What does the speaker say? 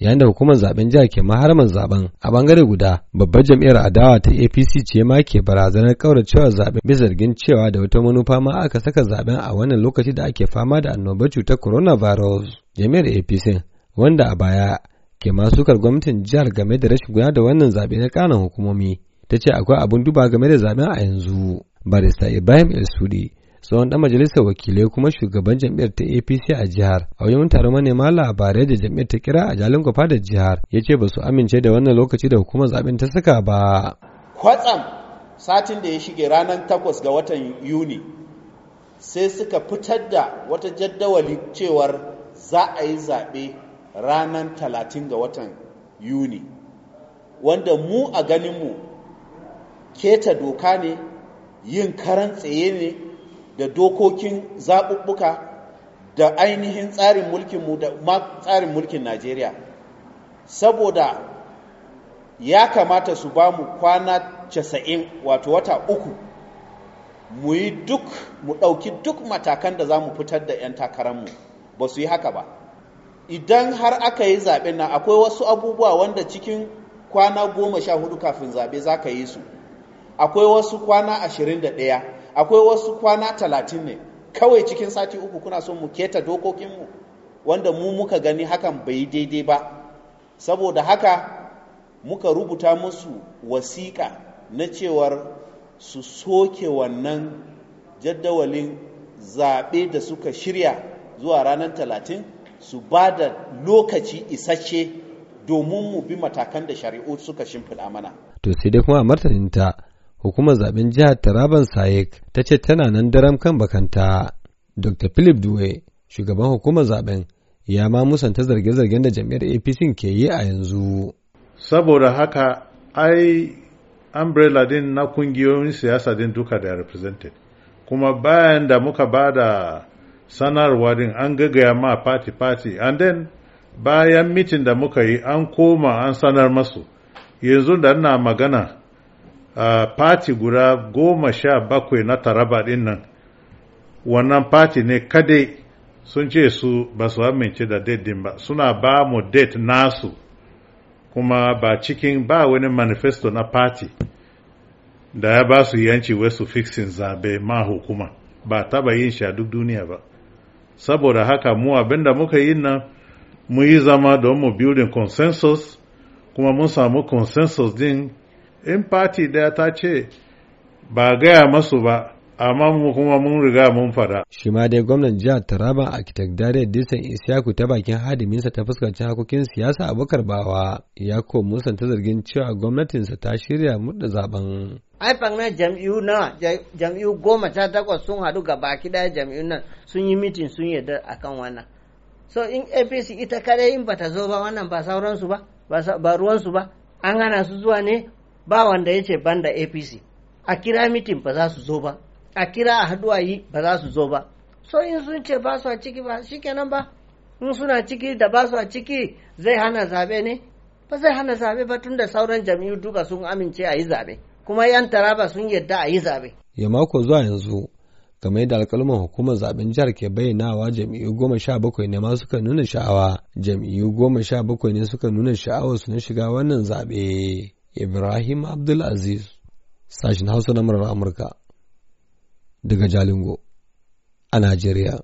yayin da hukumar zaben jihar ke maharman zaben a bangare guda babbar jam'iyyar adawa ta apc ce ma ke barazanar kauracewar zaben bisa zargin cewa da wata manufa ma aka saka zaben a wannan lokaci da ake fama da annobar cutar coronavirus jami'ar apc wanda a baya ke sukar gwamnatin jihar game da rashin guda da wannan zaɓe na kanan hukumomi ta ce akwai abun duba game da zaben a yanzu barista ibrahim el tsohon dan majalisar wakilai kuma shugaban jam'iyyar ta APC a jihar a wajen taron manema labarai da jam'iyyar ta kira a jalin kwafa da jihar ya ce ba su amince da wannan lokaci da hukumar zaben ta saka ba kwatsam satin da ya shige ranar takwas ga watan yuni sai suka fitar da wata jaddawali cewar za a yi zaɓe ranar talatin ga watan yuni wanda mu a ganinmu keta doka ne yin karan tsaye ne da dokokin zaɓuɓɓuka da ainihin tsarin mulkinmu da tsarin mulkin najeriya saboda ya kamata su ba mu kwana 90 wato wata uku mu yi duk mu ɗauki duk matakan da za mu fitar da 'yan takararmu ba su yi haka ba idan har aka yi zaɓen nan akwai wasu abubuwa wanda cikin kwana goma sha hudu kafin zaɓe za ka yi su akwai wasu kwana ashirin da ɗaya akwai wasu kwana talatin ne kawai cikin sati uku kuna son mu keta dokokinmu wanda mu muka gani hakan bai daidai ba saboda haka muka rubuta musu wasiƙa na cewar su soke wannan jadawalin zaɓe da suka shirya zuwa ranar talatin su ba da lokaci isasshe domin mu bi matakan da shari'u suka shimfiɗa mana. To sai dai kuma a martaninta hukumar zaben jihar Taraban Sayek ta ce tana nan daram kan bakanta. Dr. Philip Duwe, shugaban hukumar zaben, ya ma musanta zarge-zargen da jam'iyyar APC ke yi a yanzu. Saboda haka, ai umbrella din na kungiyoyin siyasa din duka da represented. Kuma bayan da muka ba da sanarwa din an gagaya ma party-party and then bayan mitin da muka yi an koma an sanar masu. Yanzu da ina magana fati guda goma sha bakwai na taraba ɗin nan wannan fati ne kadai sun ce su ba su amince da date din ba suna ba mu date nasu kuma ba cikin ba wani manifesto na fati da ya ba su yanci wasu fixin zabe ma hukuma ba taba yin shi duk duniya ba saboda haka mu abinda muka yi nan mu yi zama don mu building consensus kuma mun samu consensus din in fati daya ta ce ba gaya masu ba amma mu kuma mun riga mun fada. Shi ma dai gwamnan jihar Taraba a Dare Disan Isiyaku ta bakin hadiminsa ta fuskanci hakokin siyasa Abubakar Bawa ya ko musanta zargin cewa gwamnatinsa ta shirya muda zaben. Ai na jam'iyyu na jam'iyyu goma ta takwas sun haɗu ga baki ɗaya jam'iyyu nan sun yi mitin sun yarda kan wannan. So in APC ita kadai in bata zo ba wannan ba sauransu ba ba ruwansu ba an hana su zuwa ne ba wanda ya ce banda apc a kira mitin ba za su zo ba a kira a haduwa yi ba za su zo ba so in sun ce ba su a ciki ba kenan ba in suna ciki da ba su a ciki zai hana zabe ne ba zai hana zaɓe ba tunda sauran jam'iyyu duka sun amince a yi zaɓe, kuma yan taraba sun yadda a yi zabe ya mako zuwa yanzu game da alƙalman hukumar zaɓen jihar ke bayyanawa jam'iyyu goma sha bakwai ne ma suka nuna sha'awa jam'iyyu goma sha bakwai ne suka nuna sha'awar su na shiga wannan zaɓe. Ibrahim Abdulaziz sashen Hausa na murar Amurka daga Jalingo a Najeriya.